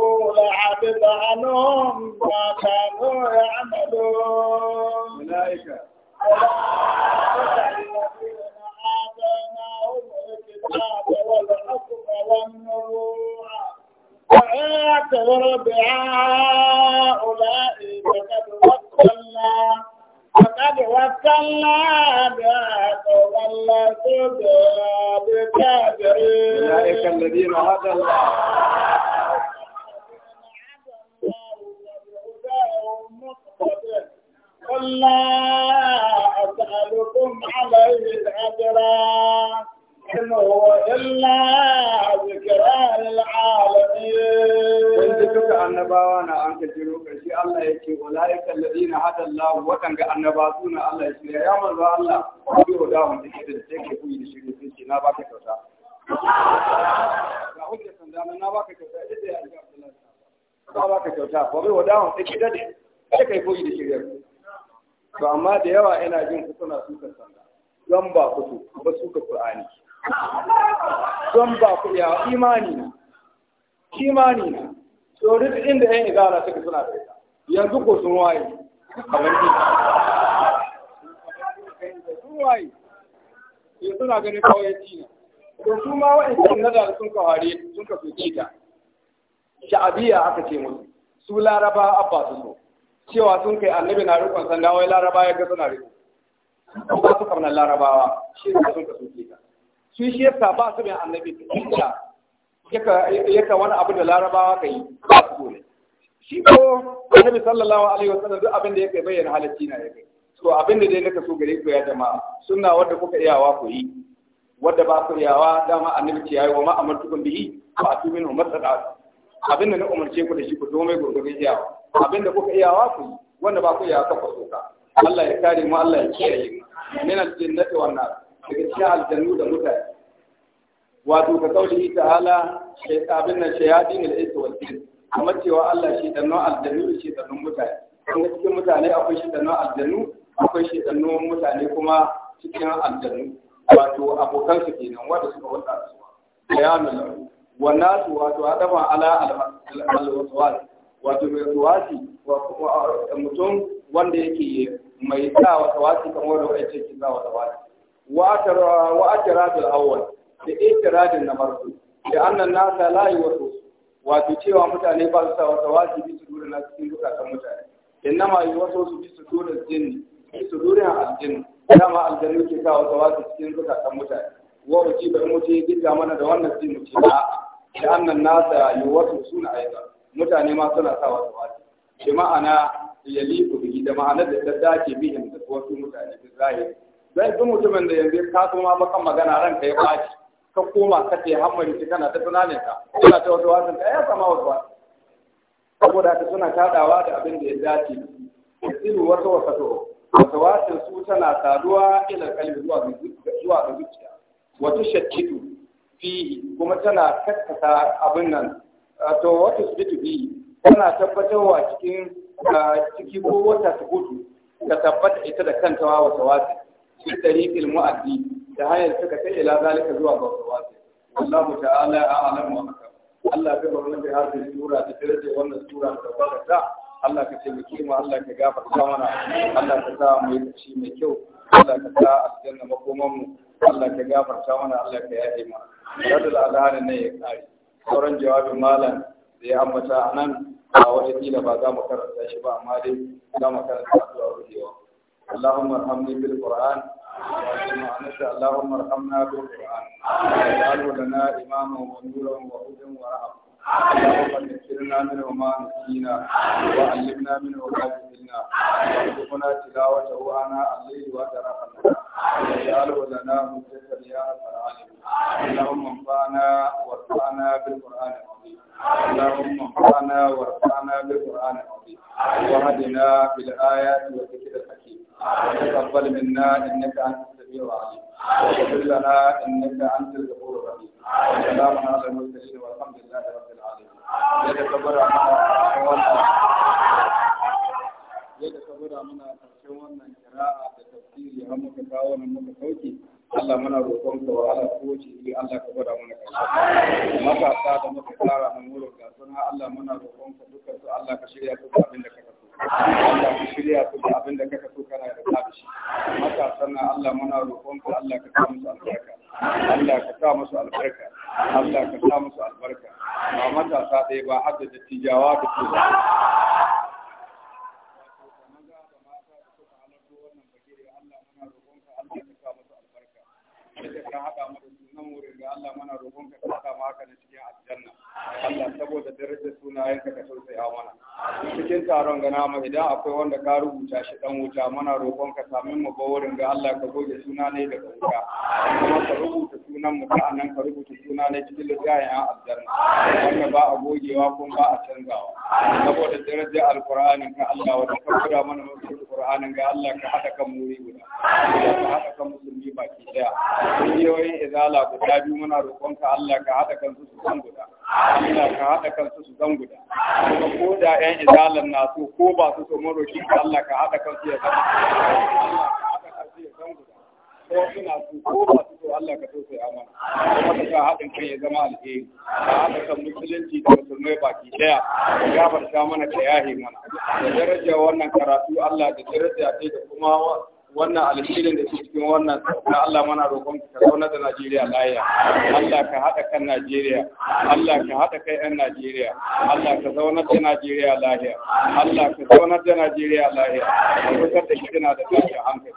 C: يقول حبب عنهم ما كانوا يعملون أولئك الذين آتيناهم الكتاب والحكم والنبوة وإن يكفر بهؤلاء فقد وكلنا فقد وكلنا بعقب الله بكافرين
B: أولئك الذين هدى الله
A: down take da ne sai kai koyi da shirya to amma da yawa ina jin ku suna suka sanda don ba ku so ba suka qur'ani don ba ku ya imani na imani na to duk inda yan igara suka suna da yanzu ko sun waye kamar ni sun waye ya suna ganin kawai ci to su ma wa'annan nazar sun ware, sun ka soke ta sha'abiya aka ce musu su laraba abba sun zo cewa sun kai annabi na rukun sanda wai laraba ya ga suna riko ko ba su kamar larabawa shi ne sun ka sun ka su shi yasa ba su bin annabi da yaka yaka wani abu da larabawa kai ba su dole shi ko annabi sallallahu alaihi wasallam duk abin da yake bayyana halacci na yake to abin da dai naka so gare ku ya jama'a sunna wadda kuka iyawa ku yi wadda ba ku iyawa dama annabi ce yayi wa ma amartukum bihi fa atumin ummatan abinda na umarce ku da shi ku zo mai gurgurin Abin abinda kuka iyawa ku yi wanda ba ku iya ka ku soka Allah ya kare mu Allah ya kiyaye mu min aljannati wan nar daga cikin aljannu da mutane wato ka kaulihi ta'ala abin nan ya al da ita jinn amma cewa Allah shi dano aljannu shi danno mutane kuma cikin mutane akwai shi dano aljannu akwai shi dano mutane kuma cikin aljannu wato abokan su kenan wanda suka wanda su ya lahu wannan wato adama ala alwaswas wato mai wato mutum wanda yake mai sa wasuwasi kamar da wani cikin sa wasuwasi wa akiradul awwal da ikiradin na farko da annan nasa la yuwasu wato Wato cewa mutane ba su sa wasuwasi bi su dole na cikin kan mutane innama wato su bi su dole jin bi su dole aljinni dama aljanna ke sa wasuwasi cikin kan mutane wa ji bai mutu ya gida mana da wannan zai mu ce da annan nasa wasu suna aika mutane ma suna sa wasu wasu shi ma'ana ya liku bihi da ma'anar da ta dace bihin da wasu mutane da zahiri zai duk mutumin da yanzu ka so ma bakan magana ran kai ɓaci ka koma ka ce hammari ki kana ta tunanin ka kana ta wasu wasu ka ya sama wasu wasu saboda ka suna taɗawa da abin da ya dace tsiru wasu wasu wasu wasu su tana saduwa ila kalbi zuwa ga zuciya wata shakkitu fihi kuma tana kakkasa abin nan to wata to be tana tabbatarwa cikin ciki ko wata su gudu ta tabbata ita da kanta wa wata wasu shi ilmu mu'addi da hanyar suka kai ila zalika zuwa ga wata wasu Allah ta'ala alam wa haka Allah ka bar mu da hadin sura da darajar wannan sura da barkata Allah ka taimake mu Allah ka gafarta mana Allah ka sa mu yi mai kyau Allah ka sa aljanna makoman makomanmu. Allah ka gafarta mana Allah ka yafe mana. Radul Adani ne ya kai. Sauran jawabin malam da ya ambata a nan a wata kila ba za mu karanta shi ba amma dai za mu karanta a zuwa rubewa. Allahumma arhamni bil Qur'an. Allahumma arhamna bil Qur'an. Ya ta'allu lana imama wa nuran wa hudan wa rahama. اللهم منه ما نسينا وعلمنا منه ما جهلنا وارزقنا تلاوته اناء الليل واجرى واجعله لنا مجدا يا رب العالمين اللهم انفعنا وارفعنا بالقران العظيم اللهم انفعنا وارفعنا بالقران العظيم واهدنا بالايات والذكر الحكيم وتقبل منا انك انت السميع العليم واغفر لنا انك انت الغفور الرحيم سلام على المرسلين والحمد لله رب العالمين يتكبر mana karshen wannan kira'a da tafsiri har muka kawo nan muka sauke Allah muna roƙon ka wahala ko ce Allah ka gwada mana karshe matasa da muka tsara mana taron ga nama idan akwai wanda ka rubuta shi dan wuta muna roƙon ka sami mu wurin ga Allah ka goge suna ne daga wuta kuma ka rubuta sunan mu ka nan ka rubuta suna ne cikin littafin an aljanna wanda ba a gogewa ko ba a canzawa saboda darajar alqur'ani ka Allah wa ka kura mana mutum alqur'ani ga Allah ka hada kan muri guda ka hada kan musulmi baki daya kungiyoyin izala guda biyu muna roƙon ka Allah ka hada kan su guda Allah ka haɗa kansu su zan guda kuma ko da ƴan izalan na so ko ba su so maroki Allah ka haɗa kansu ya zan Allah
B: ka haɗa kansu ya zan guda
A: ko suna so ko ba su so Allah ka so sai amana kuma ka sa haɗin kai ya zama alheri ka haɗa kan musulunci da musulmai baki ɗaya ka gafarta mana ka yahe mana da darajar wannan karatu Allah da daraja ce da kuma wannan alherin da suke cikin wannan na Allah mana roƙon ka zauna da Najeriya laya Allah ka haɗa kan Najeriya Allah ka haɗa kai ɗan Najeriya Allah ka zauna da Najeriya laya Allah ka zauna da Najeriya laya ka kusa da shi da lafiya hankali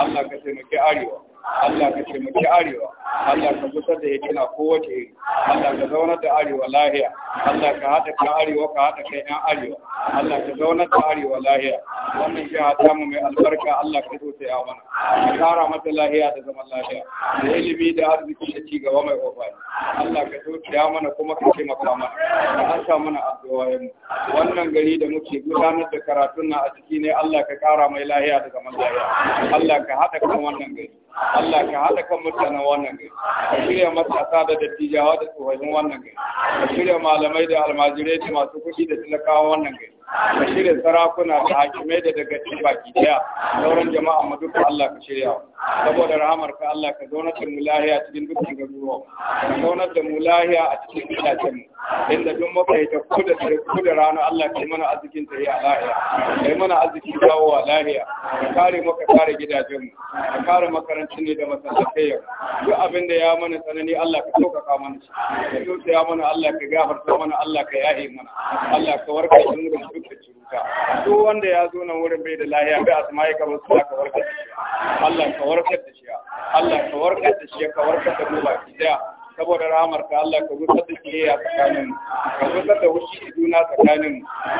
A: Allah ka taimaki arewa Allah ka taimaki arewa Allah ka gusar da na kowace iri Allah ka zaunar da arewa lahiya Allah ka haɗa kan arewa ka haɗa kan yan arewa Allah ka zaunar da arewa lahiya wannan jiha ta mu mai albarka Allah ka zo ya mana ka kara mata lahiya da zaman lahiya da ilimi da arziki da ci gaba mai ofani Allah ka zo ya mana kuma ka taimaka mana ka harka mana addu'o'in mu wannan gari da muke gudanar da karatun na a ciki ne Allah ka kara mai lahiya da zaman lahiya Allah ka haɗa kan wannan gari Allah ka haɗa kan mutanen wannan gari ka shirya matasa da dattijawa da tsohon wannan gari ka shirya malamai da almajirai da masu kuɗi da talakawa wannan gari ka shirya sarakuna da hakimai da daga baki daya sauran jama'a mu duka Allah ka shirya saboda rahamar ka Allah ka zaunar da mu lahiya cikin dukkan garuruwa ka zaunar da mu lahiya a cikin gidajen mu inda duk muka yi ta kuda kuda rana Allah ka yi mana arzikin ta yi a lahiya Kai mana arzikin dawo a lahiya ka kare maka kare gidajen mu ka kare makarantun ne da masallatai duk abin da ya mana tsanani Allah ka sauƙaƙa mana shi ka tausaya mana Allah ka gafarta mana Allah ka yahe mana Allah ka warka shi mu duk da cuta duk wanda ya zo nan wurin bai da lahiya bai asma'i ka basu ka warkar da shi Allah ka warka da shi Allah ka warkar da shi ka warkar da mu baki saboda rahamar ka Allah ka gusar da a tsakanin ka gusar da wushi juna tsakanin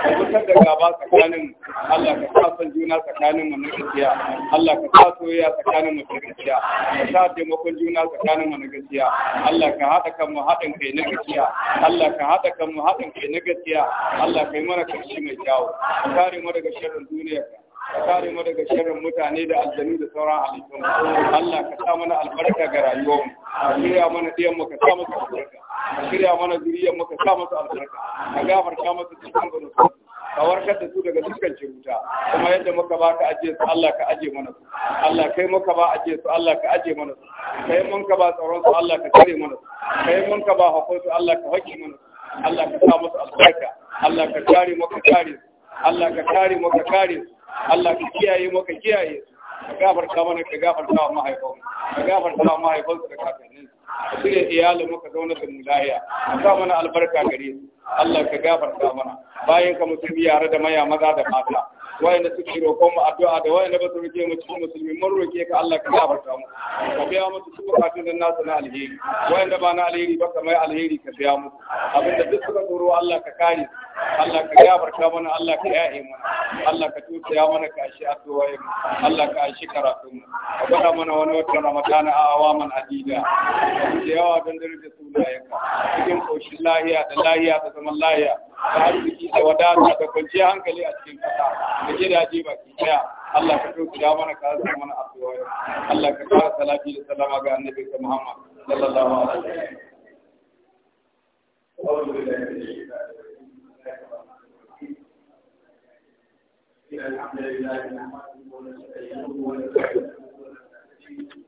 A: ka gusar da gaba tsakanin Allah ka sa son juna tsakanin mu na gaskiya Allah ka sa soyayya tsakanin mu na gaskiya ka sa taimakon juna tsakanin mu na gaskiya Allah ka haɗa kan mu haɗin kai na gaskiya Allah ka haɗa kan mu haɗin kai na gaskiya Allah ka yi mana karshe mai kyau, ka kare mu daga sharrin duniyar ka kare mu daga sharrin mutane da aljanu da sauran halittun Allah ka sa mana albarka ga rayuwar mu A shirya mana ɗiyan mu ka sa masu albarka ka shirya mana zuriyar mu ka sa masu albarka ka gafarta masu cikin gurin ka warkar da su daga dukkan ciruta kuma yadda muka ba ka ajiye su Allah ka ajiye mana su Allah kai muka ba aje su Allah ka ajiye mana su kai mun ka ba tsaron su Allah ka tare mana su kai mun ka ba hakuri su Allah ka hakki mana su Allah ka sa masu albarka Allah ka kare mu ka kare su Allah ka kare mu ka kare su Allah ka kiyaye mu kiyaye ka gafarta mana ka gafarta wa mahaifan ka gafarta wa mahaifan da kakannin ka shirya iyalin mu ka zauna da mu ka sa mana albarka gare su Allah ka gafarta mana bayan ka musulmi yare da maya maza da mata wayanda suke roƙon mu addu'a da wayanda ba su roƙe mu cikin musulmi mun roƙe ka Allah ka gafarta mu ka biya musu su bukatun nan nasu na alheri wayanda ba na alheri ba kamar alheri ka biya musu abinda duk suka tsoro Allah ka kare su Allah ka barka mana Allah ka yi mana Allah ka ya mana ka shi addu'o'i Allah ka shi karatu mu ka gwada mana wani wata Ramadan a awaman adida da yawa don dare da sunayen ka cikin koshin lahiya da lahiya da zaman lahiya da arziki da wadata da kwanciyar hankali a cikin kasa da gidaje baki daya Allah ka ya mana ka zama mana addu'o'i Allah ka kara salati da salama ga annabi Muhammad sallallahu alaihi wasallam أعوذ بالله من الشيطان الرجيم الحمد لله نحمده ونستعينه
B: ونستغفره